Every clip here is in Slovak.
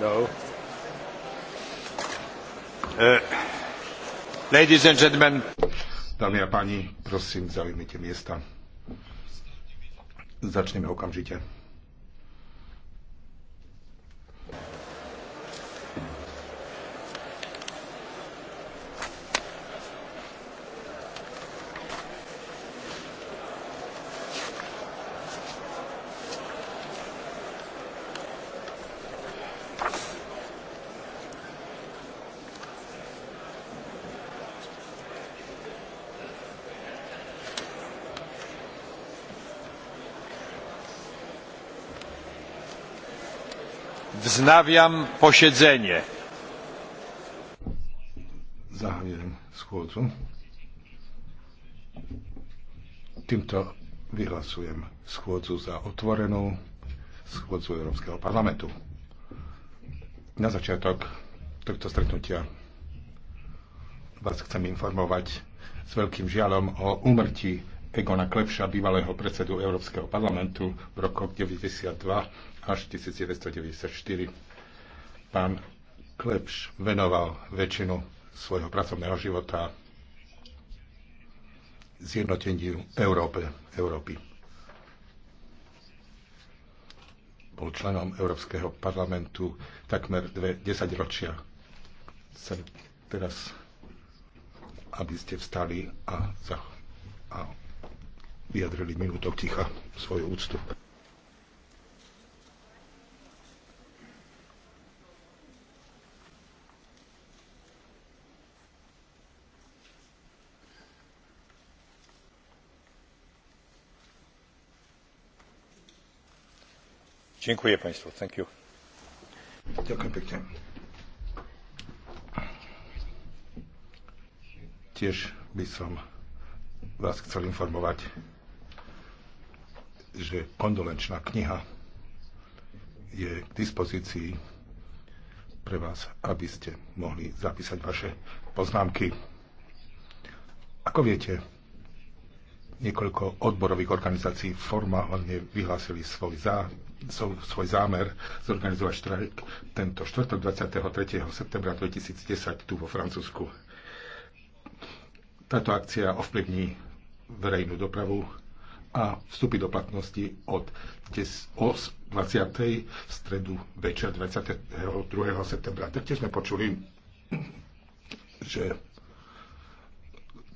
No. Uh, ladies and gentlemen. Dámy a páni, prosím, zaujímite miesta. Začneme okamžite. Wznawiam posiedzenie. Zahajujem to Týmto vyhlasujem schôdzu za otvorenú schodzu Europejskiego parlamentu. Na začiatok tohto stretnutia vás chcem informovať s veľkým žialom o úmrtí Egona Klepša, bývalého predsedu Európskeho parlamentu v rokoch 1992 až 1994. Pán Klepš venoval väčšinu svojho pracovného života zjednoteniu Európe, Európy. Bol členom Európskeho parlamentu takmer dve desaťročia. Chcem teraz aby ste vstali a, a vyjadrili minútok ticha svoju úctu. Dziękuję Państwu. Thank you. Ďakujem pekne. Tiež by som vás chcel informovať, že kondolenčná kniha je k dispozícii pre vás, aby ste mohli zapísať vaše poznámky. Ako viete, niekoľko odborových organizácií formálne vyhlásili svoj, zá, svoj zámer zorganizovať štrajk tento štvrtok 23. septembra 2010 tu vo Francúzsku. Táto akcia ovplyvní verejnú dopravu, a vstupy do platnosti od 20. v stredu večer 22. septembra. Taktiež sme počuli, že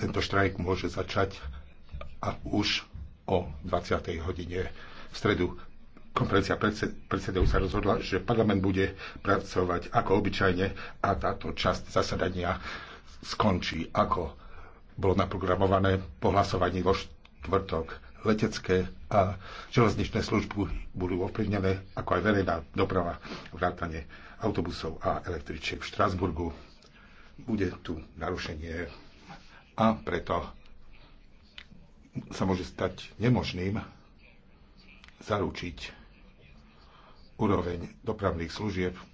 tento štrajk môže začať a už o 20. hodine v stredu konferencia predsedov sa rozhodla, že parlament bude pracovať ako obyčajne a táto časť zasadania skončí, ako bolo naprogramované po hlasovaní vo štvrtok letecké a železničné služby budú ovplyvnené, ako aj verejná doprava, vrátanie autobusov a električiek v Štrasburgu. Bude tu narušenie a preto sa môže stať nemožným zaručiť úroveň dopravných služieb